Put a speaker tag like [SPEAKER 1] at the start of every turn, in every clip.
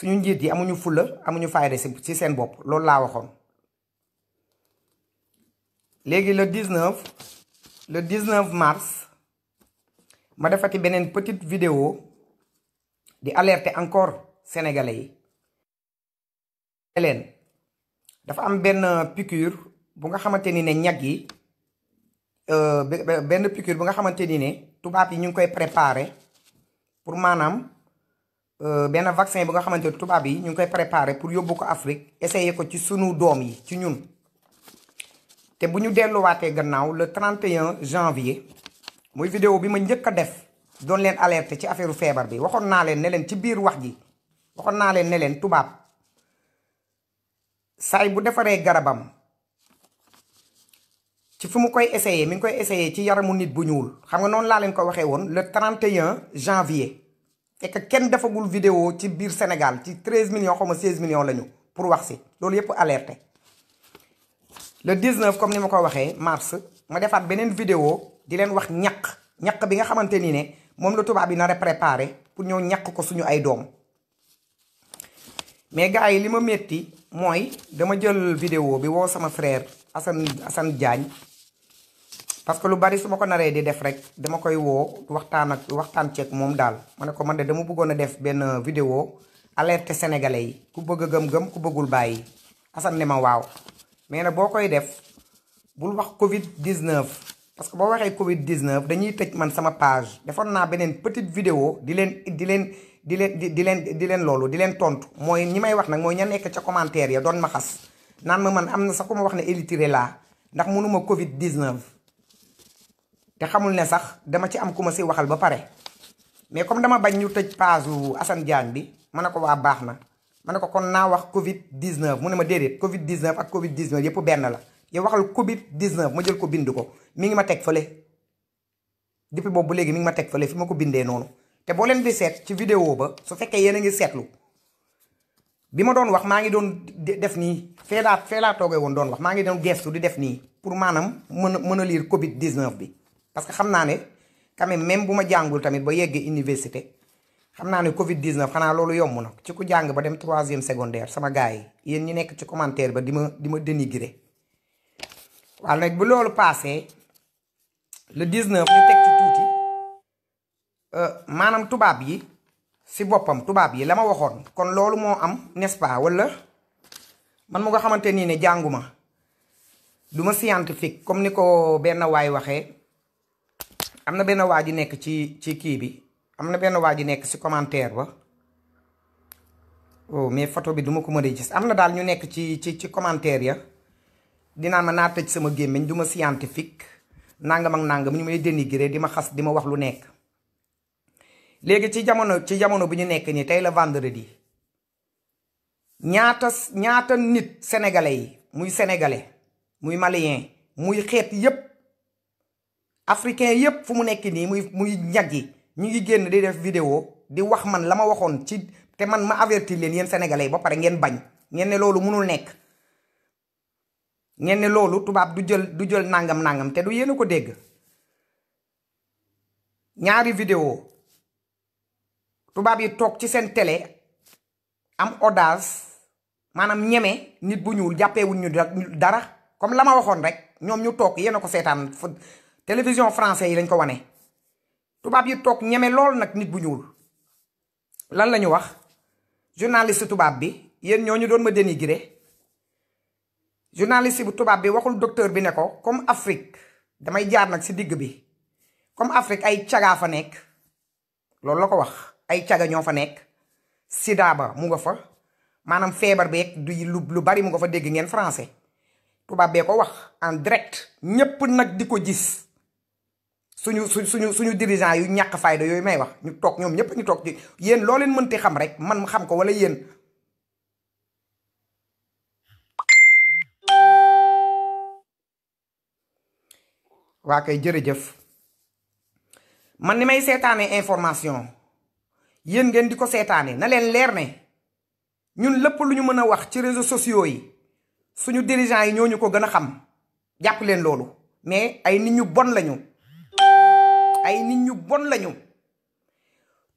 [SPEAKER 1] suñu njiit yi amuñu fulla amuñu fayda si seen bopp loolu laa waxoon léegi le 19 le 19 mars ma defati beneen petite vidéo di alerter encore sénégalais yi leen dafa am benn piqûre bu nga xamante ni ne ñag yi euh, benn piqûre bu nga xamante ni ne tubaab yi ñu ngi koy préparer pour maanaam Euh, benn vaccin bu nga xamante ne tubaab yi ñu ngi koy préparé pour yóbbu ko Afrique essayer ko ci sunu doom yi ci ñun te bu ñu delluwaatee gannaaw le 31 janvier muy vidéo bi ma njëkk a def doon leen alerte ci affaire feebar bi waxoon naa leen ne leen ci biir wax ji waxoon naa leen ne leen tubaab saay bu defaree garabam ci fu mu koy essayer mi ngi koy essayer ci yaramu nit bu ñuul xam nga noonu laa leen ko waxee woon le 31 janvier. et kenn defagul video ci biir Sénégal ci 13 millions xaw ma 16 millions lañu pour wax si loolu yëpp alerte le 19 comme ni ma ko waxee mars ma defaat beneen vidéo di leen wax ñaq ñaq bi nga xamante ni ne moom la tubaab bi na a préparé pour ñëw ñaq ko suñu ay doom mais gars yi li ma métti mooy dama jël vidéo bi woo sama frère Assane Assane Diagne parce que lu bari su ma ko naree di def rek dama koy woo waxtaan ak waxtaan ceeg moom daal ma ne ko man de dama bëggoon a def benn vidéo alerte sénégalais yi ku bëgg a gëm-gëm ku bëggul bàyyi Assane ne ma waaw mais nag boo koy def bul wax Covid 19. parce que boo waxee Covid 19 dañuy tëj man sama page defoon naa beneen petite video di leen di leen di leen di leen di leen loolu di leen tontu mooy ñi may wax nag mooy ña nekk ca commentaire ya doon ma xas naan man am na sax ku ma wax ne élitire laa ndax mënuma Covid 19. te xamul ne sax dama ci am ku ma si waxal ba pare mais comme dama bañ ñu tëj paasu Assane Diagne bi ma ne ko waa baax na ma ne ko kon naa wax Covid 19 mu ne ma déedéet Covid 19 ak Covid 19 yëpp benn la yow waxal Covid 19 ma jël ko bind ko mi ngi ma teg fële depuis boobu léegi mi ngi ma teg fële fi ma ko bindee noonu te boo leen di seet ci vidéo ba su fekkee yéen a ngi seetlu. bi ma doon wax maa ngi doon def nii fee laa toogee woon doon wax maa ngi doon gestu di def nii pour maanaam mën a mën a lire Covid 19 bi parce que xam naa ne quand même bu ma jàngul tamit ba yeggee université xam naa ne Covid 19 xanaa loolu yomb na ci ku jàng ba dem troisième secondaire sama gars yi yéen ñu nekk ci commentaire ba di ma di ma dénigrer waaye loolu passé le 19 ñu teg ci tuuti euh, maanaam tubaab yi si boppam tubaab yi la ma waxoon. kon loolu moo am nespa ce wala man mu nga xamante nii ne jànguma du ma scientifique comme ni ko benn waay waxee. am na benn waa ji nekk ci ci kii bi am na benn waa ji nekk ci commentaire ba oh mais photo bi duma ko mën a gis am na daal ñu nekk ci ci ci commentaire ya dinaa ma naa tëj sama gémmiñ du ma scientifique nangam ak nangam ñu may dénigré di ma xas di ma wax lu nekk léegi ci jamono ci jamono bi ñu nekk nii tey la vendredi ñaata ñaata nit sénégalais yi muy sénégalais muy malien muy xeet yépp africain yépp fu mu nekk nii muy muy ñag yi ñu ngi génn di def vidéo di wax man la ma waxoon ci te man ma avertir leen yéen sénégalais yi ba pare ngeen bañ ngeen ne loolu munul nekk ngeen ne loolu tubaab du jël du jël nangam nangam te du yéen ko dégg ñaari vidéo tubaab yi toog ci seen télé am audace maanaam ñeme nit bu ñuul jàppeewuñ ñu dara comme la ma waxoon rek ñoom ñu toog yéen a ko seetaan télévision francais yi lañ ko wane tubaab yi toog ñeme lool nag nit bu ñuul lan la ñu wax journaliste tubaab bi yéen ñoo ñu doon ma dénigré journaliste bu tubaab bi waxul docteur bi ne ko comme Afrique damay jaar nag si digg bi comme Afrique ay cagaa fa nekk loolu la ko wax ay caga ñoo fa nekk sida ba mu nga fa maanaam feebar beeg du lu bari mu nga fa dégg ngeen français tubaab bee ko wax en direct ñépp nag di ko gis suñu su suñu suñu dirigeant yu ñàkk fayda yooyu may wax ñu toog ñoom ñépp ñu toog ci yéen loo leen mënti xam rek man xam ko wala yéen waa kay jërëjëf man ni may seetaane information yéen ngeen di ko seetaane na leen leer ne ñun lépp lu ñu mën a wax ci réseaux sociaux yi suñu dirigeants yi ñoo ñu ko gën a xam jàpp leen loolu mais ay nit ñu bon lañu ay nit ñu bon lañu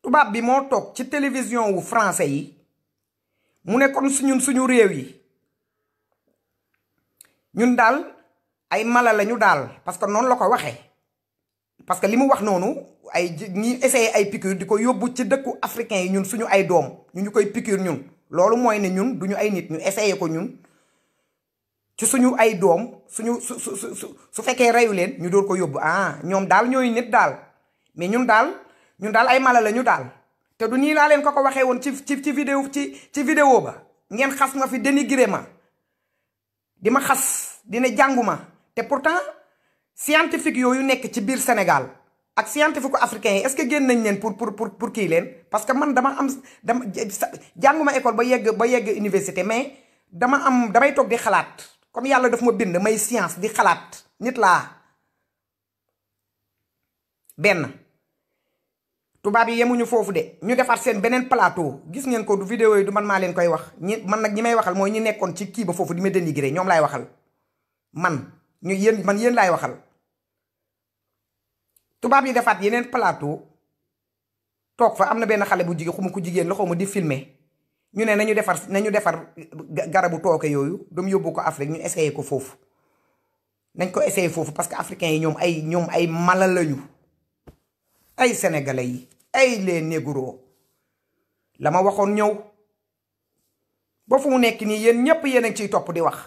[SPEAKER 1] tubaab bi moo toog ci télévision wu français yi mu ne kon suñun suñu réew yi ñun daal ay mala lañu daal parce que noonu la ko waxee parce que li mu wax noonu ay ñi essayé ay piqûre di ko yóbbu ci dëkku africain yi ñun suñu ay doom ñu ñu koy piqûre ñun loolu mooy ne ñun duñu ay nit ñu essayé ko ñun ci suñu ay doom suñu su su su su fekkee reyu leen ñu door ko yóbbu ah ñoom daal ñooy nit daal mais ñun daal ñun daal ay mala la ñu daal te du nii laa leen ko ko waxee woon ci ci ci vidéo ci ci vidéo ba ngeen xas ma fi dénigré ma di ma xas dina jànguma te pourtant scientifique yooyu nekk ci biir Sénégal ak scientifique africain yi est-ce que génn nañ leen pour pour pour pour kii leen parce que man dama am dama jànguma école ba yegg ba yegg université mais dama am damay toog xalaat. comme yàlla daf ma bind may science di xalaat nit laa benn tubaab yi yemuñu foofu de ñu defar seen beneen plateau gis ngeen ko du vidéo yi du man maa leen koy wax ñi man nag ñi may waxal mooy ñi nekkoon ci kii ba foofu di ma dénigré ñoom laay waxal man ñu yéen man yéen laay waxal tubaab yi defaat yeneen plateau toog fa am na benn xale bu jigéen xuma ko jigéen la xaw ma di filmer ñu ne nañu defar nañu defar garabu tooke yooyu doomu yóbbu ko Afrique ñu essayé ko foofu nañ ko essayé foofu parce que africains yi ñoom ay ñoom ay mala lañu ay sénégalais yi ay les négro la ma waxoon ñëw ba fu mu nekk nii yéen ñépp yéen a ciy topp di wax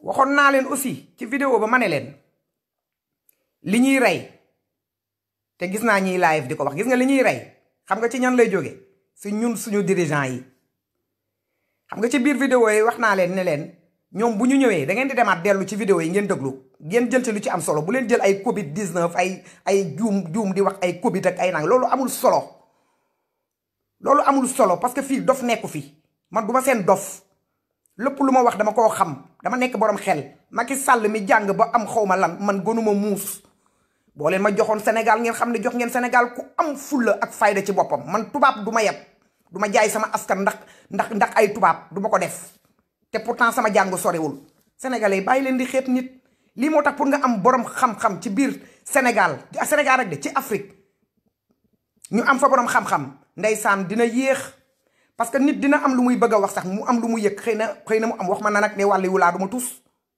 [SPEAKER 1] waxoon naa leen aussi ci vidéo ba ma ne leen li ñuy rey te gis naa ñuy live di ko wax gis nga li ñuy rey xam nga ci ñan lay jóge si ñun suñu dirigeant yi xam nga ci biir vidéo yi wax naa leen ne leen ñoom bu ñu ñëwee dangeen di demaat dellu ci vidéo yi ngeen déglu ngeen jël ci lu ci am solo bu leen jël ay Covid 19 ay ay juum juum di wax ay Covid ak ay nang loolu amul solo loolu amul solo parce que fii dof nekku fii man du ma seen dof lépp lu ma wax dama koo xam dama nekk borom xel Macky sàll mi jàng ba am xaw ma lan man gënuma muus boo leen ma joxoon Sénégal ngeen xam ne jox ngeen senegal ku am fulla ak fayda ci boppam man tubaab du ma yeb du ma jaay sama askan ndax. ndax ndax ay tubaab du ma ko def te pourtant sama jàngu sorewul sénégalais bàyyi leen di xeeb nit lii moo tax pour nga am borom xam-xam ci biir senegal Sénégal rek de ci Afrique ñu am fa borom xam-xam ndeysaan dina yéex parce que nit dina am lu muy bëgg a wax sax mu am lu muy yëg xëy na xëy na mu am wax ma na nag ne wàllu yu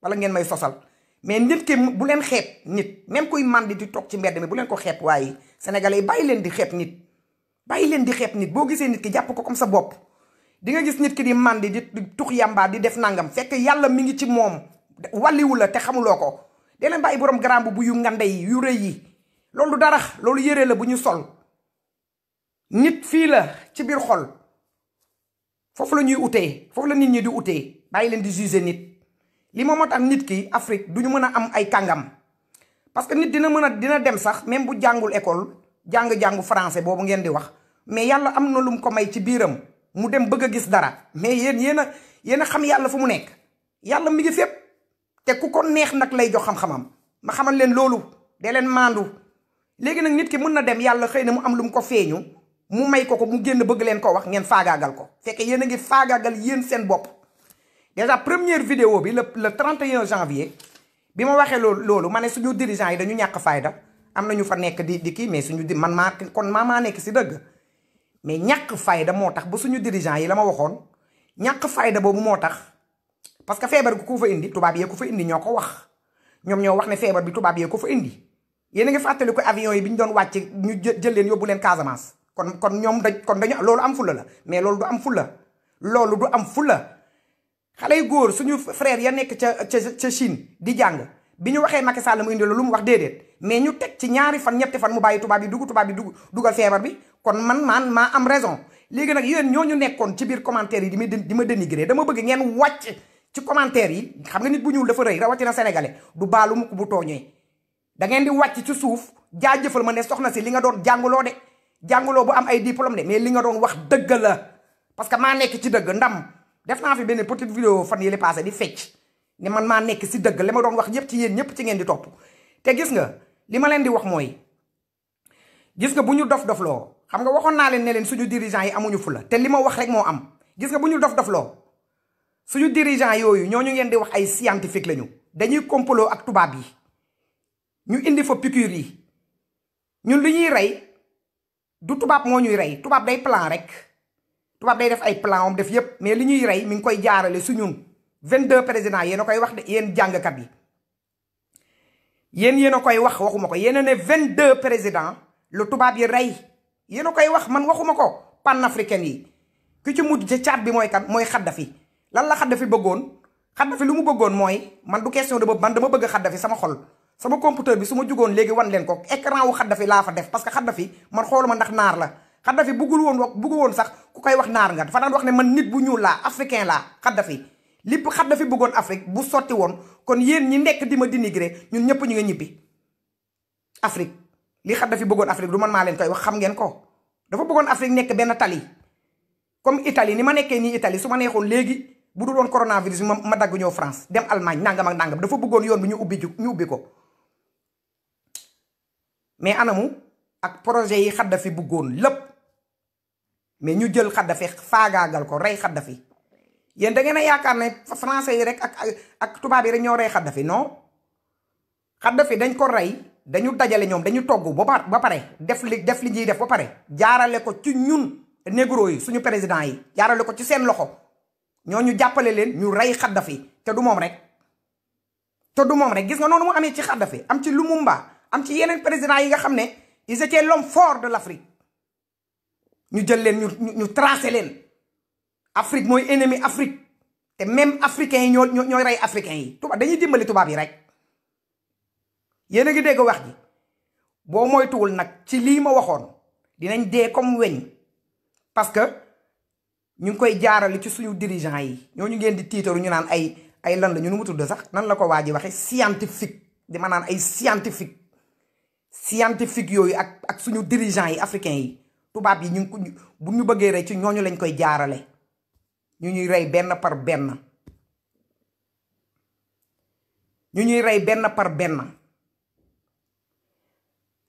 [SPEAKER 1] wala ngeen may sosal mais nit ki bu leen xeeb nit même kuy màndi di toog ci mbedd mi bu leen ko xeeb waaye sénégalais bàyyi leen di xeeb nit bàyyi leen di xeeb nit boo gisee nit ki jàpp ko comme sa bopp di nga gis nit ki di màndi di tux yàmba di def nangam fekk yàlla mu ngi ci moom wàlliwu la te xamuloo ko dee leen bàyyi borom grand bu yu ngande yi yi loolu dara loolu yére la bu ñu sol nit fii la ci biir xol foofu la ñuy utee foofu la nit ñi di utee bàyyi leen di juger nit li moom moo tax nit ki Afrique du ñu mën a am ay kàngam parce que nit dina mën a dina dem sax même bu jàngul école jàng-jàngu français boobu ngeen di wax mais yàlla am na lu mu ko may ci biiram mu dem bëgg a gis dara mais yéen yéen a yéen a xam yàlla fu mu nekk yàlla mi ngi fépp te ku ko neex nag lay jox xam-xamam ma xamal leen loolu de leen maandu léegi nag nit ki mun na dem yàlla xëy na mu am lu mu ko feeñu mu may ko ko mu génn bëgg leen ko wax ngeen faagaagal ko fekk yéen a ngi faagaagal yéen seen bopp déjà première vidéo bi le le 31 janvier bi ma waxee loolu loolu ma ne suñu dirigeant yi dañu ñàkk fayda am na ñu fa nekk di di kii mais suñu di man maa kon maa maa nekk si dëgg mais ñàkk fayda moo tax ba suñu dirigeant yi la ma waxoon ñàkk fayda boobu moo tax parce que feebar bi ku fa indi tubaab yee ko fa indi ñoo ko wax ñoom ñoo wax ne feebar bi tubaab yee ko fa indi yéen a ngi fàttali ko avion yi bi ñu doon wàcc ñu jël leen yóbbu leen Casamance kon kon ñoom dañ kon dañu loolu am fulla la mais loolu du am fulla loolu du am fulla xale yu góor suñu frère ya nekk ca ca Chine di jàng bi ñu waxee Macky Sall mu indi la lu mu wax déedéet mais ñu teg ci ñaari fan ñetti fan mu bàyyi tubaab yi dugg tubaab yi dugg dugal feebar bi kon man man maa am raison léegi nag yéen ñu nekkoon ci biir commentaire yi di ma di ma dénigré dama bëgg ngeen wàcc ci commentaire yi xam nga nit bu ñuul dafa rëy rawatina sénégalais du baalu mukk bu tooñee da ngeen di wàcc ci suuf jaajëfal ma ne soxna si li nga doon jànguloo de jànguloo bu am ay diplôme de mais li nga doon wax dëgg la parce que maa nekk ci dëgg ndam def naa fi benn petite vidéo fan yële passé di fecc ne man maa nekk si dëgg li ma doon wax yëpp ci yéen ñëpp ci topp te gis nga li ma leen di wax mooy gis nga bu ñu dof dofloo xam nga waxoon naa leen ne leen suñu dirigeant yi amuñu fula te li ma wax rek moo am gis nga bu ñu dof dof loo suñu dirigeant yooyu ñoo ñu ngeen di wax ay scientifique lañu dañuy complot ak tubaab yi ñu indi fa piqûre yi ñun lu ñuy rey du tubaab moo ñuy rey tubaab day plan rek tubaab day def ay plan om def yépp mais li ñuy rey mi ngi koy jaarale su ñun 22 président yéen a koy wax de yéen jàngkat yi yéen yéen a koy wax waxuma ko yéen a ne 22 président lu tubaab yi rey. yéen a koy wax man waxuma ko africain yi ki ci mujj ca caat bi mooy kan mooy xaddafi lan la xaddafi bëggoon xaddafi lu mu bëggoon mooy man du question de boobu man dama bëgg xaddafi sama xol sama computer bi su jugoon léegi wan leen ko écran wu xaddafi laa fa def parce que xaddafi man xooluma ndax naar la xaddafi buggul woon wax buggu woon sax ku koy wax naar nga dafa daan wax ne man nit bu ñuul laa africain laa xaddafi lépp xaddafi bëggoon Afrique bu sotti woon kon yéen ñi nekk di ma dénigré ñun ñëpp ñu nga ñibbi Afrique. li Kadhafi bëggoon Afrique du man maa leen koy wax xam ngeen ko dafa bëggoon Afrique nekk benn tali comme Italie ni ma nekkee nii itali su ma neexoon léegi bu du doon coronavirus ma ma dagg ñëw France dem Allemagne nangam ak nangam dafa bëggoon yoon bi ñu ubbi ñu ubbi ko. mais anamu ak projet yi Kadhafi bëggoon lépp mais ñu jël Kadhafi faagaagal ko rey Kadhafi yéen da ngeen a yaakaar ne français yi rek ak ak tubaab yi rek ñoo rey Kadhafi non Kadhafi dañ ko rey. dañu dajale ñoom dañu togg ba ba pare def li def li ñuy def ba pare jaarale ko ci ñun négro yi suñu président yi jaarale ko ci seen loxo ñoo ñu jàppale leen ñu rey xaddafi te du moom rek te du moom rek gis nga noonu mu amee ci xaddafi am ci lu Lumumba am ci yeneen président yi nga xam ne ils étaient l'homme fort de l'Afrique ñu jël leen ñu ñu tracé leen Afrique mooy ennemi Afrique te même africains yi ñoo ñoo rey africains yi tubaab dañuy dimbali tubaab yi rek yéen a ngi dégg wax ji boo moytuwul nag ci lii ma waxoon dinañ dee comme weñ parce que ñu ngi koy jaarale ci suñu dirigeant yi ñoo ñu ngeen di tiitaru ñu naan ay ay lan la ñu nu mu tudd sax nan la ko waa ji waxe scientifique di ma naan ay scientifique scientifique yooyu ak ak suñu dirigeant yi africain yi tubaab yi ñu ngi bu ñu bëggee rey ci ñooñu lañ koy jaarale ñu ñuy rey benn par benn ñu ñuy rey benn par benn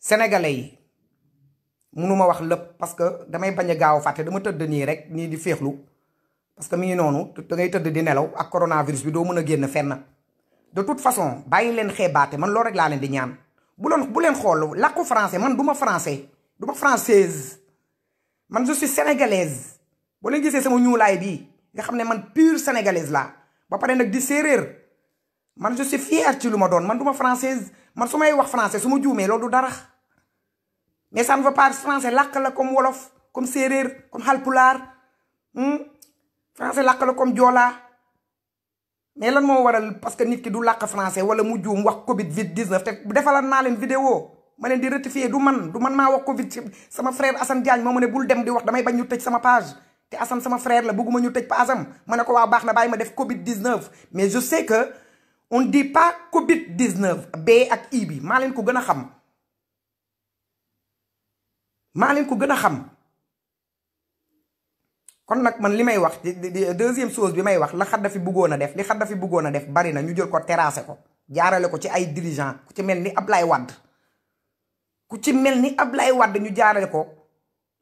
[SPEAKER 1] sénégalais yi munuma wax lépp parce que damay bañ a gaaw fàtte dama tëdd nii rek nii di féexlu parce que mi ngi noonu da ngay tëdd di nelaw ak coronavirus bi doo mën a génn fenn de tout façon bàyyi leen xeebaate man loolu rek laa leen di ñaan bu leen bu leen xool làkku français man du ma français du ma française man je suis sénégalaise boo leen gisee sama ñuulaay bii nga xam ne man pure sénégalaise laa ba pare nag di séeréer man je suis fière ci lu ma doon man du ma française man su may wax français su ma juumee loolu du dara mais ça ne veut pas français làkk la comme wolof comme séeréer comme halpulaar hmm? français làkk la comme joolaa mais lan moo waral parce que nit ki du làkk français wala mu juum wax covid 19 te defalan naa leen vidéo ma leen di rectifier du man du man maa wax covid sama frère Assane Diagne moo ma ne bul dem di wax damay bañ ñu tëj sama page te Assane sama frère la bëgguma ñu tëj paasam ma ne ko waaw baax na bàyyi ma def covid 19 mais je sais que on dit pas covid 19 b ak i bi maa leen ko gën a xam maa leen ko gën a xam kon nag man li may wax deuxième chose bi may wax la Xaddafi bëggoon a def li Xaddafi bëggoon a def bari na ñu jël ko terrassé ko jaarale ko ci ay dirigeant ku ci mel ni ab Ablaye Wade ku ci mel ni Ablaye Wade ñu jaarale ko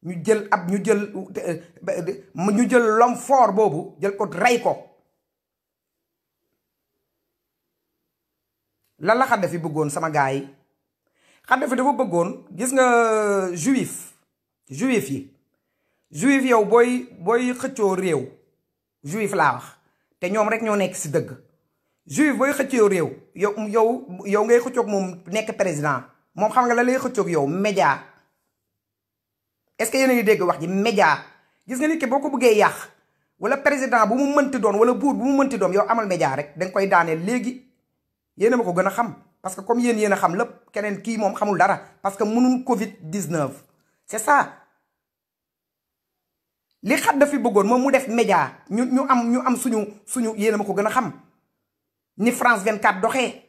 [SPEAKER 1] ñu jël ab ñu jël euh, ñu jël lom foor boobu jël ko rey ko la la Xaddafi bëggoon sama gaa yi Xaddafi dafa bëggoon gis nga euh, juif juif yi juif yow booy booy xëccoo réew juif laa wax te ñoom rek ñoo nekk si dëgg juif booy xëccoo réew yow yow yow ngay xëccoog moom nekk président moom xam nga la lay xëccoog yow média est-ce que yéen a dégg wax ji média gis nga nit ki boo ko buggee yàq wala président bu mu mënti doon wala buur bu mu mënti doom yow amal média rek danga koy daaneel léegi yéen ma ko gën a xam parce que comme yéen yéen xam lépp keneen kii moom xamul dara parce que mënul Covid 19 c'est ça. li xat dafi bëggoon moom mu def média ñu ñu am ñu am suñu suñu yéen a ma ko gën a xam ni France 24 doxee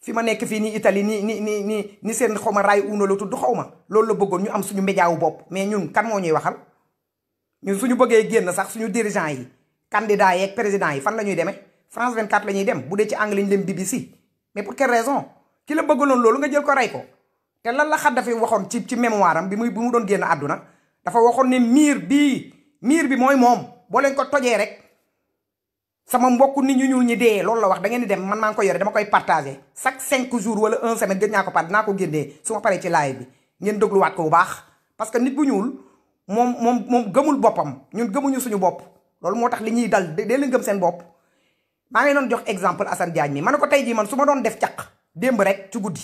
[SPEAKER 1] fi ma nekk fii ni Italie ni ni ni ni ni seen xaw ma raay uuna la tudd xaw ma loolu la bëggoon ñu am suñu média wu bopp mais ñun kan moo ñuy waxal ñun suñu bëggee génn sax suñu dirigeant yi candidat yeeg président yi fan la ñuy demee France 24 la ñuy dem bu dee ci anglais ñu dem BBC mais pour quelle raison ki la bëggaloon loolu nga jël ko rey ko te lan la dafay waxoon ci ci mémoire am bi muy bi mu doon génn àdduna dafa waxoon ne miir bii miir bi mooy moom boo leen ko tojee rek sama mbokk nit ñu ñuul ñi dee loolu la wax da ngeen di dem man maa ngi ko yore dama koy partagé chaque cinq jours wala un semaine gën naa ko part dinaa ko génnee su ma paree ci live bi ngeen dégluwaat ko bu baax parce que nit bu ñuul moom moom moom gëmul boppam ñun gëmuñu suñu bopp loolu moo tax li ñuy dal dee leen gëm seen bopp maa ngi doon jox exemple Assane Diagne mi ma ne ko tey jii man su ma doon def caq démb rek ci guddi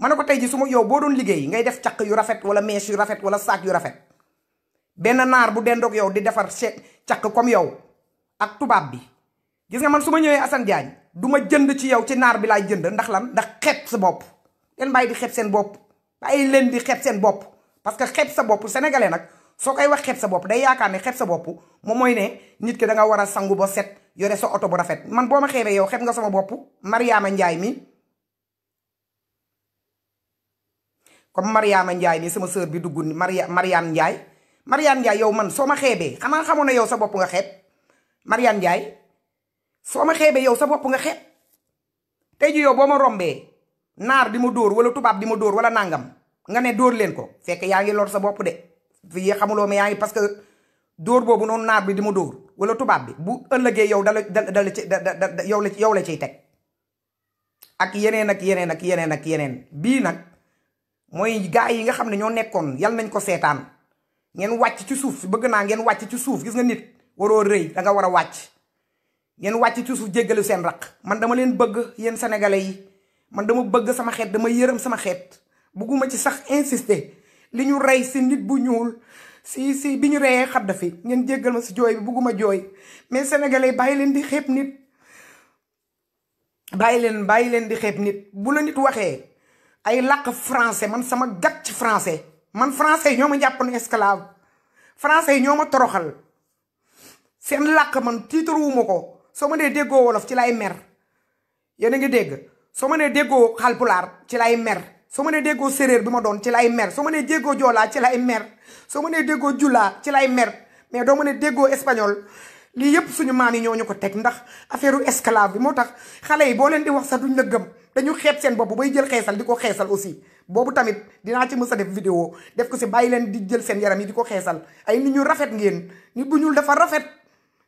[SPEAKER 1] ma ne ko tey jii su ma yow boo doon liggéey ngay def caq yu rafet wala mèche yu rafet wala saak yu rafet benn naar bu dendoog yow di defar caq comme yow ak tubaab bi gis nga man su ma ñëwee Assane Diagne du ma jënd ci yow ci naar bi laay jënd ndax lan ndax xeeb sa bopp leen bàyyi di xeeb seen bopp bàyyi leen di xeeb seen bopp parce que xeeb sa bopp sénégalais nag soo koy wax xeeb sa bopp day yaakaar ne xeeb sa bopp moom mooy ne nit ki da war a sangu ba set yore sa oto bu rafet man boo ma xeebee yow xeeb nga sama bopp Mariama Njaay mi comme Mariama Njaay mi sama sœur bi dugg Maria Mariam Njaay Mariam yow man soo ma xeebee xanaa xamoon na yow sa bopp nga xeeb Mariam Njaay soo ma xeebee yow sa bopp nga xeeb tey ji yow boo ma rombee naar di ma dóor wala tubaab di ma dóor wala nàngam nga ne dóor leen ko fekk yaa ngi lool sa bopp de. fii xamuloo mais yaa ngi parce que dóor boobu noonu naar bi di ma dóor wala tubaab bi bu ëllëgee yow dala dala ci da da yow la yow la ciy teg ak yeneen ak yeneen ak yeneen ak yeneen bii nag mooy gaa yi nga xam ne ñoo nekkoon yal nañ ko seetaan ngeen wàcc ci suuf bëgg naa ngeen wàcc ci suuf gis nga nit waroo rëy da nga war a wàcc ngeen wàcc ci suuf jéggalu seen raq man dama leen bëgg yéen sénégalais yi man dama bëgg sama xeet dama yërëm sama xeet bugguma ci sax insister li ñu rey si nit bu ñuul si si bi ñu reyee Xaddafi ngeen jéggal ma si jooy bi bugguma jooy mais sénégalais bàyyi leen di xeeb nit bàyyi leen bàyyi leen di xeeb nit bu la nit waxee ay làkk français man sama gat ci français man français yi ñoo ma jàppoon esclave français yi ñoo ma toroxal seen làkk man tiitaruwuma ko soo ma nee déggoo wolof ci lay mer yéen a ngi dégg soo ma nee déggoo xalpulaar ci lay mer soo ma nee déggoo séréer bi ma doon ci lay mer soo ma nee déggoo joolaa ci lay mer soo ma nee julaa ci lay mer mais doo ma ne déggoo espagnol lii yëpp suñu maam yi ñoo ñu ko teg ndax affaire esclave bi moo tax xale yi boo leen di wax sa duñ la gëm dañu xeeb seen bopp bay jël xeesal di ko xeesal aussi boobu tamit dinaa ci mës a def vidéo def ko si bàyyi leen di jël seen yaram yi di ko xeesal ay nit ñu rafet ngeen nit bu ñuul dafa rafet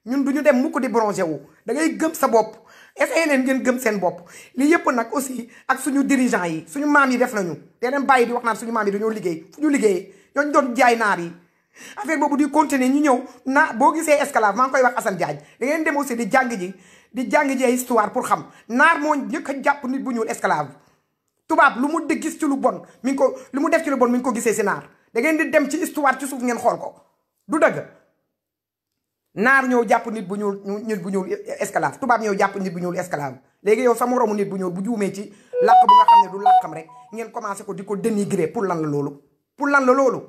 [SPEAKER 1] ñun du ñu dem mukk di bronzé wu da ngay gëm sa bopp essayé leen ngeen gëm seen bopp lii yëpp nag aussi ak suñu dirigeant yi suñu maam yi def nañu te dem bàyyi di wax naan suñu maam yi dañoo liggéey fu ñu liggéeyee ñooñu doon jaay naar yi affaire boobu di continuer ñu ñëw na boo gisee esclave maa ngi koy wax asan jaaj da ngeen dem aussi di jàng ji di jàng ji ay pour xam naar moo njëkk a jàpp nit bu ñuul esclave tubaab lu mu gis ci bon mi ko lu mu def ci lu bon mi ko gisee si da ngeen di dem ci histoire ci suuf ngeen xool ko du dëgg naar ñëw jàpp nit bu ñuul nit bu ñuul esclave tubaab ñëw jàpp nit bu ñuul esclave léegi yow sama moroomu nit bu ñuul bu juumee ci làkk bu nga xam rek ngeen commencé ko di ko dénigrer pour lan la loolu pour lan la loolu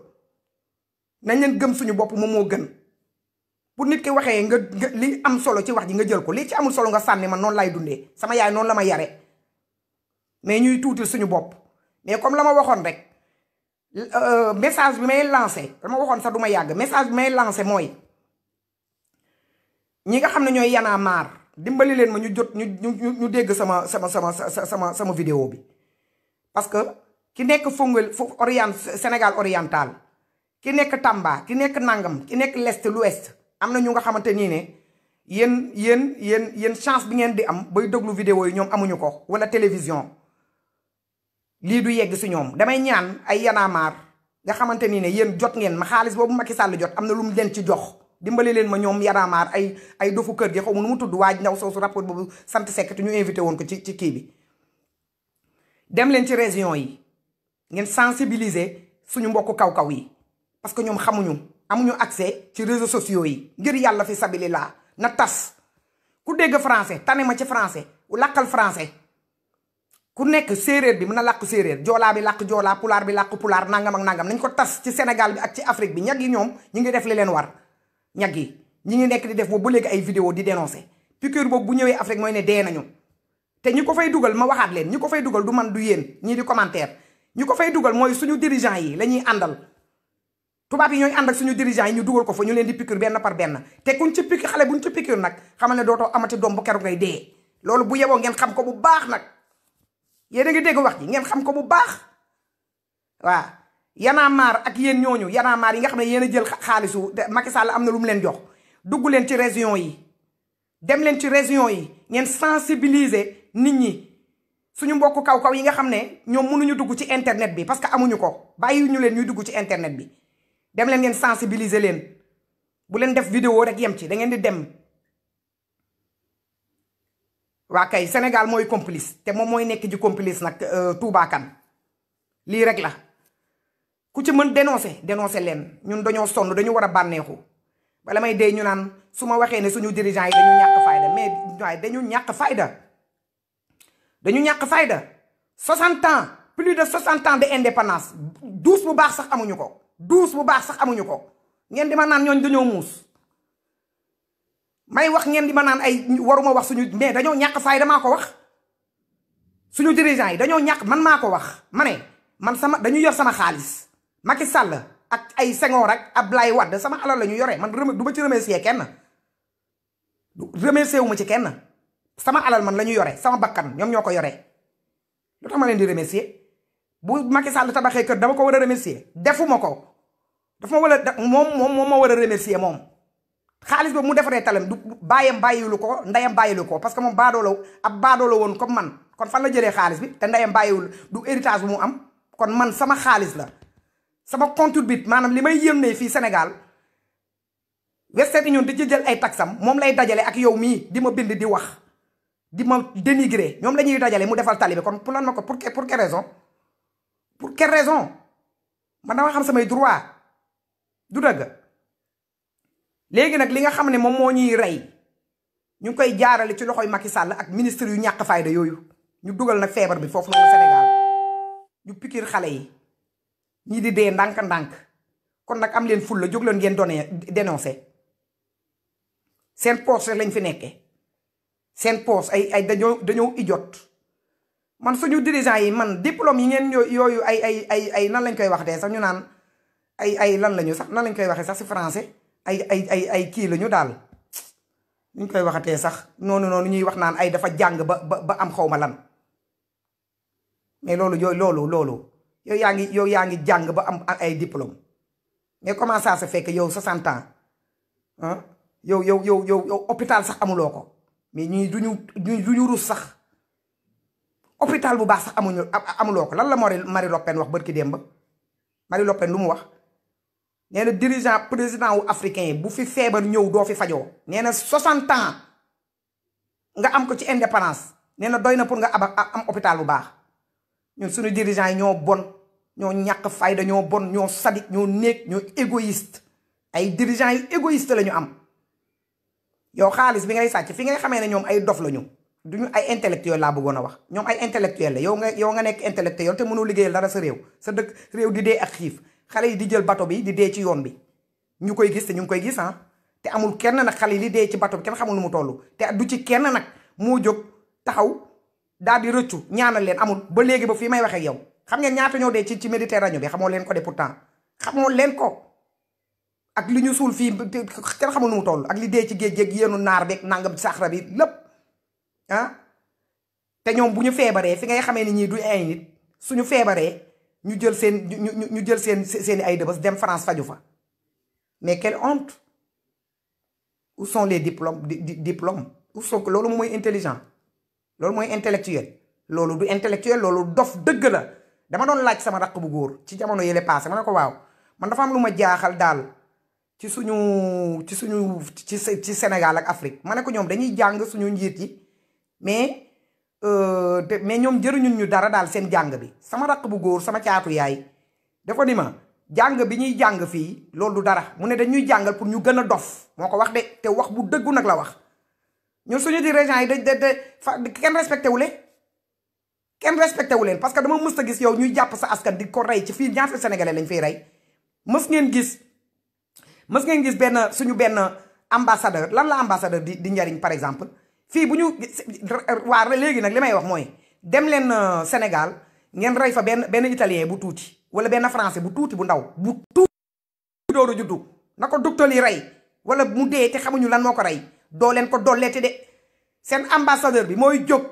[SPEAKER 1] nañ leen gëm suñu bopp moom moo gën bu nit ki waxee nga li am solo ci wax ji nga jël ko lii ci amul solo nga sànni man noonu lay dundee sama yaay noon la ma yare mais ñuy tuuti suñu bopp mais comme la ma waxoon rek euh, message bi may lancé dama waxoon sax du ma yàgg message bi may lancé mooy ñi nga xam ne ñooy yanaamaar dimbali leen ma ñu jot ñu ñu ñu dégg sama sama sama sama sama vidéo bi parce que ki nekk Fongol foofu orient Sénégal oriental ki nekk Tamba ki nekk Nangam ki nekk l'est l'ouest am na ñu nga xamante nii ne yéen yéen yéen yéen chance bi ngeen di am bay déglu vidéo yi ñoom amuñu ko wala télévision lii du yegg si ñoom damay ñaan ay yanaamaar nga xamante nii ne yéen jot ngeen ma xaalis boobu ki Sall jot am na lu mu leen ci jox dimbali leen ma ñoom yaramaar ay ay dofu kër gi xaw nu mu tudd waa ndaw soosu rapport boobu sant sekk ñu invité woon ko ci ci kii bi. dem leen ci région yi ngeen sensibiliser suñu mbokku kaw-kaw yi parce que ñoom xamuñu amuñu accès ci réseaux sociaux yi ngir yàlla fi sabili laa na tas ku dégg français tane ma ci francais français làkkal français. ku nekk séeréer bi mën a làkk séeréer joolaa bi làkk joolaa pulaar bi làkk pulaar nangam ak nangam nañ ko tas ci Sénégal bi ak ci Afrique bi ñag yi ñoom ñi ngi def li leen war ñag yi ñi ngi nekk di def boobu ba léegi ay vidéo di dénoncer piqûre boobu bu ñëwee Afrique mooy ne dee nañu te ñi ko fay dugal ma waxaat leen ñi ko fay dugal du man du yéen ñii di commentaire ñi ko fay dugal mooy suñu dirigeant yi la ñuy àndal tubaab yi ñooy ànd ak suñu dirigeant yi ñu dugal ko fa ñu leen di piqûre benn par benn te kuñ ci piqûre xale buñ ci piqûre nag xamal ne dootoo amati doom bu keroog ngay dee loolu bu yeboo ngeen xam ko bu baax nag yéen a ngi dégg wax ji ngeen xam ko bu baax waaw yanaamaar ak yéen ñooñu yanaamaar yi nga xam ne yéen a jël xaalisu Macky Sall am na lu mu leen jox dugg leen ci région yi dem leen ci région yi ngeen sensibiliser nit ñi suñu mbokk kaw-kaw yi nga xam ne ñoom mënuñu dugg ci internet bi parce que amuñu ko bàyyi ñu leen ñuy dugg ci internet bi dem leen ngeen sensibiliser leen bu leen def vidéo rek yem ci da ngeen di dem waa kay Sénégal mooy complice te moom mooy nekk ji complice nag euh, Touba lii rek la ku ci mën dénoncé dénoncé leen ñun dañoo sonn dañoo war a bànneexu bala may dee ñu naan su ma waxee ne suñu dirigeant yi mais waaye dañu ñàkk fayda dañu ñàkk fayda 60 ans plus de 60 ans de indépendance douze bu baax sax amuñu ko douze bu baax sax amuñu ko ngeen di ma naan ñooñ dañoo muus may wax ngeen di ma naan ay waruma wax suñu mais dañoo ñàkk fayda maa ko wax suñu dirigeant yi dañoo ñàkk man maa ko wax ma ne man sama dañu yor sama xaalis Macky Sall ak ay Senghor ak Ablaye Wade sama alal la ñu yore man du ma ci remercier kenn du wu ma ci kenn sama alal man la ñu yore sama bakkan ñoom ñoo ko yore lu tax ma leen di remercier bu Macky Sall tabaxee kër dama ko war a remercier defuma ko dafa ma war a moom moom moom ma war a remercier moom. xaalis boobu mu defaree talem du bàyyam bàyyiwul ko ndeyam bàyyilu ko parce que moom baadoolo ab baadoola woon comme man kon fan la jëlee xaalis bi te ndeyam bàyyiwul du héritage mu am kon man sama xaalis la. sama contribution maanaam li may yéemee fii Sénégal Western Union di ci jël ay taxam moom lay dajale ak yow mii di ma bind di wax di ma dénigrer ñoom la ñuy dajale mu defal talibé kon pour lan ma ko pour pour quelle raison pour quelle raison man dama xam samay droit du dëgg léegi nag li nga xam ne moom moo ñuy rey ñu ngi koy jaarale ci loxo loxoy Macky sàll ak ministre yu ñàkk fayda yooyu ñu dugal nag feebar bi foofu noonu Sénégal ñu pikir xale yi ñii di dee ndànk-ndànk kon nag am leen ful la jóg leen ngeen donné dénoncé seen poche lañ fi nekke seen poche ay ay dañoo dañoo ijot man suñu dirigeant yi man diplôme yi ngeen yooyu ay ay ay ay nan lañ koy wax dee sax ñu naan ay ay lan lañu sax nan lañ koy waxee sax si français ay ay ay ay kii lañu daal ñu koy waxatee sax noonu noonu ñuy wax naan ay dafa jàng ba ba ba am xaw ma lan mais loolu yooyu loolu loolu yow yaa ngi yow yaa ngi jàng ba am ay diplôme nga comment sa fekk fait que yow 60 ans ah yow yow yow yow yow hôpital sax amuloo ko mais ñii du ñu du ñu rus sax hôpital bu baax sax amuñu amuloo ko lan la Mori Marie Le wax bët ki démb Marie Le lu mu wax. nee na dirigeant président wu africain bu fi feebar ñëw doo fi fajoo nee na 60 ans nga am ko ci indépendance nee na doy na pour nga am am hôpital bu baax. ñun suñu dirigeants yi ñoo bon ñoo ñàkk fayda ñoo bon ñoo sadik ñoo néeg ñoo égoïste ay dirigeants yu égoïste la ñu am yow xaalis bi ngay sàcc fi ngay xamee ne ñoom ay dof la ñu duñu ay intellectuel laa bëggoon a wax ñoom ay intellectuel la yow nga yow nga nekk yow te mënoo liggéeyal dara sa réew sa dëkk réew di dee ak xiif xale yi di jël bato bi di dee ci yoon bi ñu koy gis te ñu ngi koy gis ah te amul kenn nag xale yi di dee ci bato bi kenn xamul nu mu toll te du ci kenn nag moo jóg taxaw daal di rëccu ñaanal leen amul ba léegi ba fii may waxee yow xam ngeen ñaata ñoo dee ci ci Méditerranée bi xamoo leen ko de pourtant xamoo leen ko ak li ñu suul fii kenn xamul nu mu toll ak li dee ci géej géej yéenu naar beeg nangam saxra bi lépp ah te ñoom bu ñu feebaree fi ngay xamee ni ñii du ay nit suñu feebaree ñu jël seen ñu jël seen seen ay dëbës dem France faju fa mais quelle honte où sont les diplômes diplômes où sont loolu mooy intelligent loolu mooy intellectuel loolu du intellectuel loolu dof dëgg la dama doon laaj sama raq bu góor ci jamono yële passé ma ne ko waaw man dafa am lu ma jaaxal daal ci suñu ci suñu ci ci Sénégal Afrique ma ne ko ñoom dañuy jàng suñu njiit yi mais euh, mais ñoom jëriñun ñu dara daal seen jàng bi sama raq bu góor sama caatu yaay dafa ni ma jàng bi ñuy jàng fii loolu du dara mu ne dañuy jàngal pour ñu gën a dof moo ko wax de te wax bu dëggu nag la wax ñun suñu dirigeants yi dañ da da kenn respecté wu kenn respecté wu leen parce que dama mës a gis yow ñuy jàpp sa askan di ko rey ci fii ñaata sénégalais lañ fiy rey mës ngeen gis mës ngeen gis benn suñu benn ambassadeur lan la ambassadeur di di njariñ par exemple fii bu ñu waa léegi nag li may wax mooy dem leen euh, Sénégal ngeen rey fa benn benn italien bu tuuti wala benn français bu tuuti bu ndaw bu tuuti dooru juddu na ko docteur yi rey wala mu dee te xamuñu lan moo ko rey doo leen ko dolleeti de seen ambassadeur bi mooy jóg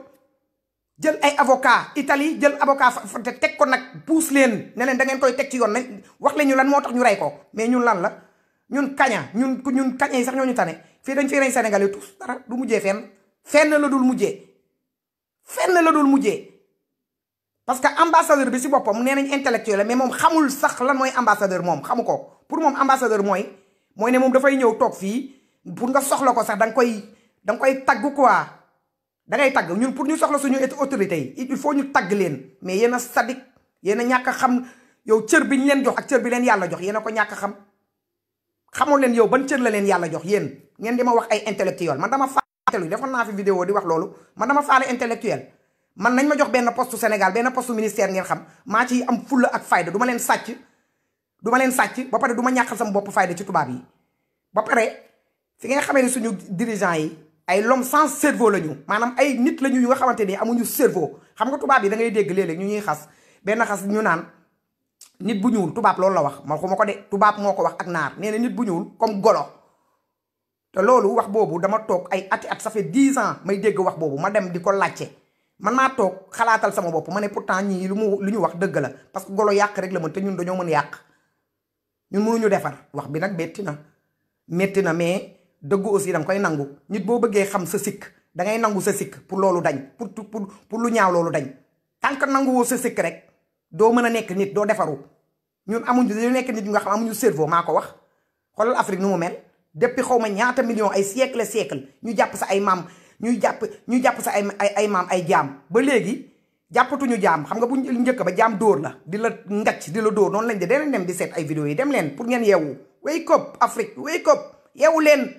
[SPEAKER 1] jël ay avocat Italie jël avocat te teg ko nag puus leen ne leen da ngeen koy teg ci yoon nañ wax leen ñu lan moo tax ñu rey ko mais ñun lan la ñun kaña ñun ñun kaña yi sax ñooñu ñu tane fii dañ fi rey Sénégal yi tous dara du mujjee fenn fenn la dul mujjee fenn la dul mujjee parce que ambassadeur bi si boppam nee nañ intellectuel mais moom xamul sax lan mooy ambassadeur moom xamu ko pour moom ambassadeur mooy mooy ne moom dafay ñëw toog fii pour nga soxla ko sax danga koy danga nga koy tagg quoi da ngay tagg ñun pour ñu soxla suñu autorité yi il faut ñu tagg leen mais yéen a sadik yéen ñàkk xam yow cër bi ñu leen jox ak cër bi leen yàlla jox yéen ko ñàkk xam xamoon leen yow ban cër la leen yàlla jox yéen ngeen di ma wax ay intellectuel man dama faale defoon naa fi vidéo di wax loolu man dama faale man nañ ma jox benn postu Sénégal benn postu ministère ngeen xam maa ci am fulla ak fayda duma leen sàcc du ma leen sàcc ba pare du ma ñàkkal sama bopp fayda ci tubaab yi si nga xamee ne suñu dirigeant yi ay lom sans cerveau la ñu maanaam ay nit la ñu yu nga xamante ni amuñu cerveau xam nga tubaab yi da ngay dégg léeg-léeg ñu ñuy xas benn xas ñu naan nit bu ñuul tubaab loolu la wax ma ma ko de tubaab moo ko wax ak naar nee na nit bu ñuul comme golo te loolu wax boobu dama toog ay ati at ça fait dix ans may dégg wax boobu ma dem di ko laajte man naa toog xalaatal sama bopp ma ne pourtant ñii lu mu lu ñu wax dëgg la parce que golo yàq rek la mën te ñun dañoo mën yàq ñun mënuñu defar wax bi nag métti na metti na mais dëggu aussi da nga koy nangu nit boo bëggee xam sa sikk da ngay nangu sa sikk pour loolu dañ pour pour pour lu ñaaw loolu dañ tant que nangu woo sa sikk rek doo mën a nekk nit doo defaru ñun amuñu dañu nekk nit ñu nga xam amuñu cerveau maa ko wax xoolal Afrique nu mu mel depuis xaw ma ñaata million ay siècle siècle ñu jàpp sa ay maam ñuy jàpp ñu jàpp sa ay ay maam ay jaam ba léegi jàppatuñu jaam xam nga bu njëkk ba jaam dóor la di la ngacc di la dóor noonu lañ de danañ dem di seet ay vidéo yi dem leen pour ngeen yeewu wake up Afrique wake up yeewu leen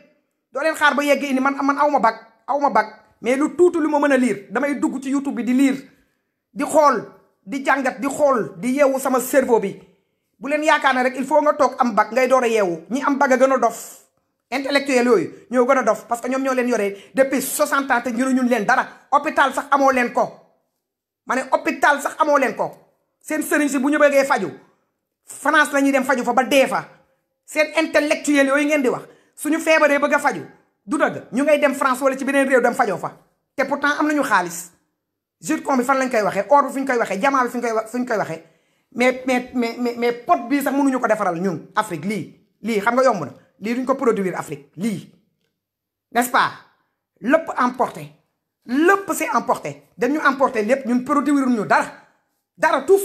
[SPEAKER 1] doo leen xaar ba yegg indi man man aw ma bag awma bag mais lu tuuti lu ma mën a liir damay dugg ci YouTube bi di liir di xool di jàngat di xool di yeewu sama cerveau bi bu leen yaakaar ne rek il faut nga toog am bag ngay door a yeewu ñi am bag a gën a dof intellectuel yooyu ñoo gën a dof parce que ñoom ñoo leen yoree depuis 60 ans te ñu ñun leen dara hôpital sax amoo leen ko ma ne hôpital sax amoo leen ko seen sëriñ si bu ñu bëggee faju France la ñuy dem faju fa ba dee fa seen intellectuel yooyu ngeen di wax suñu feebaree bëgg a faju du dëgg ñu ngay dem France wala ci beneen réew dem fajoo fa te pourtant am nañu xaalis zircon bi fan lañ koy waxee or bi fu ñu koy waxee jamaa bi fu ñu koy fu ñu koy waxee mais mais mais mais pot bii sax mënuñu ko defaral ñun Afrique lii lii xam nga yomb na lii duñ ko produire Afrique lii n'est-ce pas lépp emporté lépp c'est emporté dañu emporté lépp ñun produire ñu dara dara tous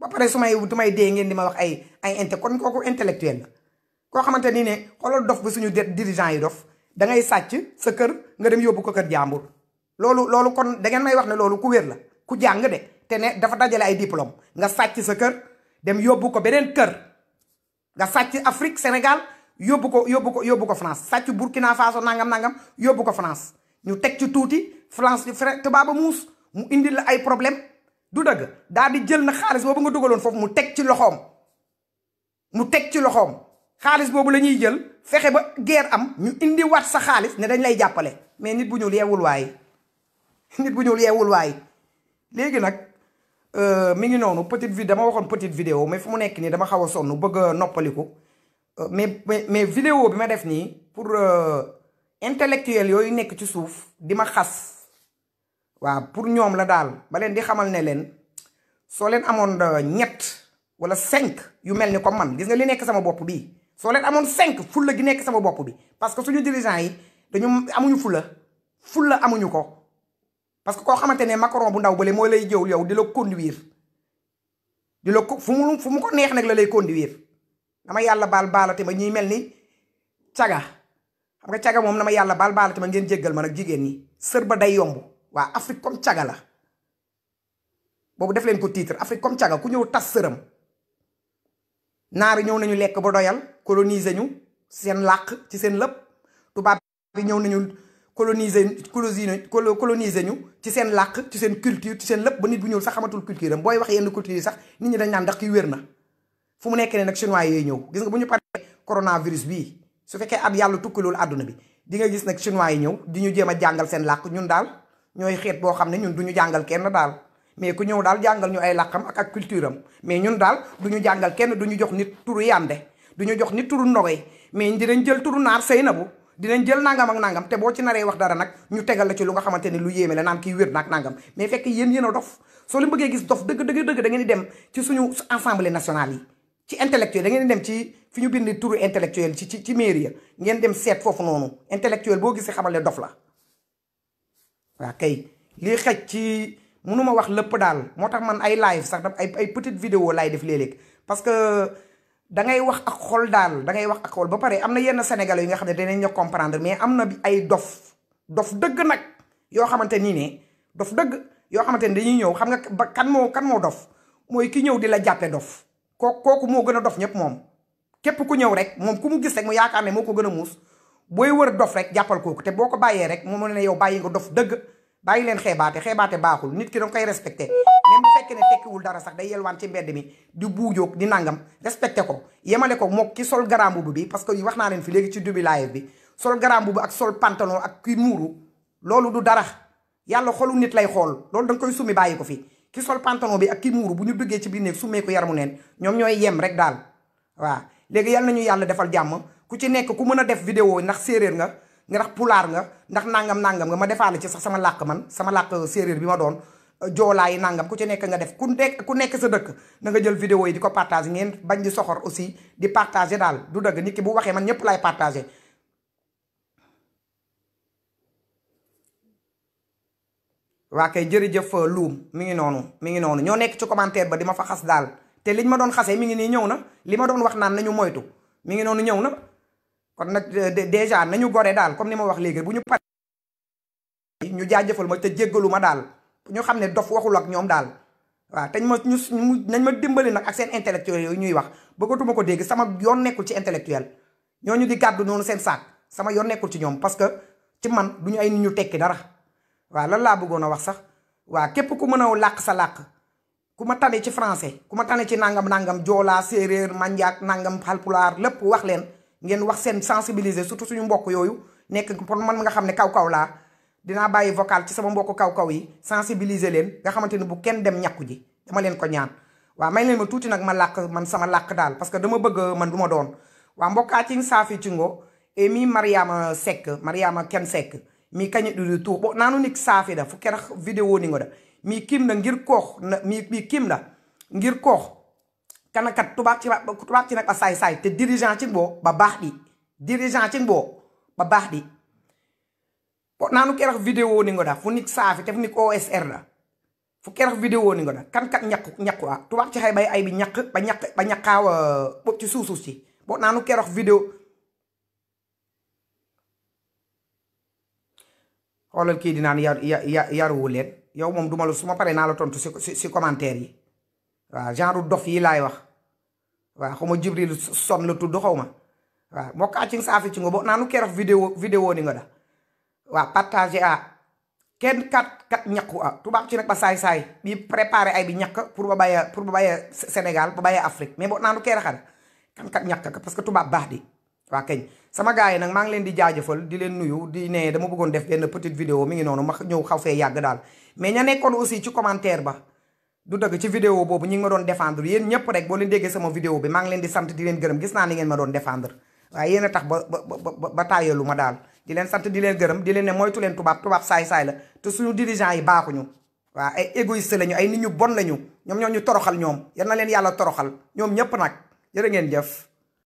[SPEAKER 1] ba pare su may du may dee ngeen di ma wax ay ay inte kon kooku intellectuel la koo xamante ni ne xoolal dof ba suñu dirigeant yi dof da ngay sàcc sa kër nga dem yóbbu ko kër jàmbur loolu loolu kon dangeen may wax ne loolu ku wér la ku jàng de te ne dafa dajale ay diplôme nga sàcc sa kër dem yóbbu ko beneen kër nga sàcc Afrique Sénégal yóbbu ko yóbbu ko yóbbu ko France sàcc Burkina Faso nangam nangam yóbbu ko France ñu teg ci tuuti France fr tubaaba muus mu indi la ay problème du dëgg daal di jël na xaalis boobu nga dugaloon foofu mu teg ci loxoom mu teg ci loxoom xaalis boobu lañuy jël fexe ba guerre am ñu indi waat sa xaalis ne dañ lay jàppale mais nit bu ñuul yeewul waaye nit bu ñuul yeewul waaye léegi nag euh, mi ngi noonu petite vidéo dama waxoon petite vidéo mais fu mu nekk nii dama xaw a sonn bëgg a noppaliku euh, mais mais vidéo bi ma def nii pour euh, intellectuel yooyu nekk ci suuf di ma xas waaw pour ñoom la daal ba leen di xamal ne leen soo leen amoon ñett wala cinq yu mel ni comme man gis nga li nekk sama bopp bii soo leen amoon cinq fulla gi nekk sama bopp bi parce que suñu dirigeant yi dañu amuñu fulla fulla amuñu ko parce que koo xamante ne Macron bu ndaw bële mooy lay jëw yow di la conduire di la fu mu fu mu ko neex nag la lay conduire dama yàlla baal baalate ma ñuy mel ni caga xam nga caga moom dama yàlla baal baalate ma ngeen jéggal ma nag jigéen ñi sër ba day yomb waa Afrique comme caga la boobu def leen ko titre Afrique comme caga ku ñëw tas sëram naar bi ñëw nañu lekk ba doyal coloniser ñu seen làq ci seen lëpp tubaab bi ñëw nañu coloniser coloniser ñu ci seen làq ci seen culture ci seen lépp ba nit bu ñëw sa xamatul culture booy wax yenn culture yi sax nit ñi dañ naan ndax kii wér na fu mu nekk ne nag chinois yooyu ñëw gis nga bu ñu paree coronavirus bii su fekkee ab yàlla tukkiloolu àdduna bi di nga gis nag chinois yi ñëw di ñu jéem a jàngal seen làkk ñun daal ñooy xeet boo xam ne ñun du jàngal kenn daal mais ku ñëw daal jàngal ñu ay làqam ak ak culture mais ñun daal du ñu jàngal kenn du ñu jox nit turu yande du ñu jox nit turu ndogoy mais dinañ jël turu naar sëy na bu dinañ jël nangam ak nangam te boo ci naree wax dara nag ñu tegal la ci lu nga xamante ne lu yéeme la naan kii wér naag nangam mais fekk yéen yéen a dof soo leen bëggee gis dof dëgg dëgg dëgg da ngeen di dem ci suñu assemblée nationale yi ci intellectuel da ngeen dem ci fi ñu bind turu intellectuel ci ci ci mairie ngeen dem seet foofu noonu intellectuel boo gisee xamal ne dof la waaw kay mënuma wax lépp daal moo tax man ay live sax daf ay ay petite vidéo laay def léeg-léeg parce que da ngay wax ak xol daal da wax ak xol ba pare am na yenn sénégalais yi nga xam ne dinañ la comprendre mais am na ay dof dof dëgg nag yoo xamante nii ne dof dëgg yoo xamante ni dañuy ñëw xam nga ba kan moo kan moo dof mooy ki ñëw di la jàppe dof koo kooku moo gën a dof ñëpp moom képp ku ñëw rek moom ku mu gis rek mu yaakaar ne moo ko gën a muus booy wër dof rek jàppal kooku te boo ko bàyyee rek moo mën ne yow bàyyi nga dof dëgg bàyyi leen xeebaate xeebaate baaxul nit ki danga koy respecté même bu fekkee ne tekkiwul dara sax day yelwaan ci mbedd mi di buujoog di nangam respecté ko yemale ko mook ki sol garam bubu bi parce que wax naa leen fi léegi ci dubi live sol garam bubu ak sol pantalon ak ki muuru loolu du dara yàlla xolu nit lay xool loolu danga koy summi bàyyi ko fi ki sol pantalon bi ak ki bu ñu duggee ci biir néeg summee ko yaramu neen ñoom ñooy yem rek daal waaw léegi yal nañu yàlla defal jàmm ku ci nekk ku mën a def vidéo ndax séeréer nga nga ndax pulaar nga ndax nangam nangam nga ma defaale ci sax sama làkk man sama làkk séeréer bi ma doon joolaa yi nangam ku ci nekk nga def ku nekk ku nekk sa dëkk na jël vidéo yi di ko partager ngeen bañ di soxor aussi di partager daal du dëgg nit ki bu waxee man ñëpp laay partager. waa kay jërëjëf euh, Loum mu ngi noonu mu ngi noonu ñoo nekk ci commentaire ba di ma fa xas daal te liñ ma doon xasee mi ngi nii ñëw na li ma doon wax naan nañu moytu mi ngi noonu ñëw na. kon nag euh, dèjà nañu gore daal comme ni ma wax léegi bu ñu paree ñu jaajëfal ma te jéggalu ma daal ñu xam ne dof waxuloo ak ñoom daal waa te ñu ma ñu nañ ma dimbali nag ak seen intellectuel yooyu ñuy wax bëggatuma ko dégg sama yoon nekkul ci ñoo ñu di gàddu noonu seen saak sama yoon nekkul ci ñoom parce que ci man du ñu ay nit ñu tekki dara waaw lan laa bëggoon a wax sax waa képp ku mën a làq sa làq ku ma tane ci français ku ma tane ci nangam nangam joolaa séeréer manjaak nangam xalpulaar lépp wax leen ngeen wax seen sensibiliser surtout suñu mbokk yooyu nekk pour man nga xam ne kaw kaw laa dinaa bàyyi vocal ci sama mbokk kaw kaw yi sensibiliser leen nga xamante ni bu kenn dem ñàkku ji dama leen ko ñaan waa may leen ma tuuti nag ma làkk man sama làkk daal parce que dama bëgg man du ma doon waaw mbokkaa ci saafi ci ngo e mi mariama seck mariama ken seck mi kañiɗuɗi tu bo naanu nik saafi da fu kera vidéo ni ngoɗa mi kimɗa ngir koox mi mi kimɗa ngir koox kana tubaab ci ba ci nag ba saay-saay te dirigeant ci boo ba baax ɗi dirigeant ci boo ba baax ɗi naanu kerax vidéo ni ngoda fu nik saafi te fu nik OSR da fu kerax vidéo ni ngoda kan kat ñaqu ñaqu a ah. tubaab ci xay bay ay bi ñaq ba ñaq ba ñaqaaw euh, bopp ci suuf suuf si bo naanu kerax vidéo xoolal kii dinaan yar yaruwu leen yow moom duma la su ma paree naa la tontu si si commentaire yi waaw genre dof yi laay wax waa xaw ma jibril son la tudd xaw ma waaw mo kacin saafi ci ngo bo naanu kerof vidéo vidéo ni nga da waa partager a ah, kenn kat kat ñakku a ah, tubaab ci nag ba saay-saay bi préparé ay bi ñakk pour ba bàyya pour ba bàyya Sénégal ba bàyya Afrique mais bo naanu kere xada kan kat ñàkk ka parce que tubaab baax di waa keñ sama gaa yi nag maa ngi leen di jaajëfal di leen nuyu di ne dama bëggoon def benn petite vidéo mi ngi noonu ma ñëw xaw fee yàgg daal mais ña nekkoon aussi ci commentaire ba du dëgg ci vidéo boobu ñi ma doon defendre yéen ñëpp rek boo leen déggee sama vidéo bi maa ngi leen di sant di leen gërëm gis naa ni ngeen ma doon défendre waaye a tax ba ba ba tàyyalu ma daal di leen sant di leen gërëm di leen ne moytu leen tubaab tubaab saay-saay la te suñu dirigeant yi baaxuñu waaw ay égoïste lañu ay nit ñu bon lañu ñoom ñoo ñu toroxal ñoom yal na leen yàlla toroxal ñoom ñëpp nag jërë ngeen jëf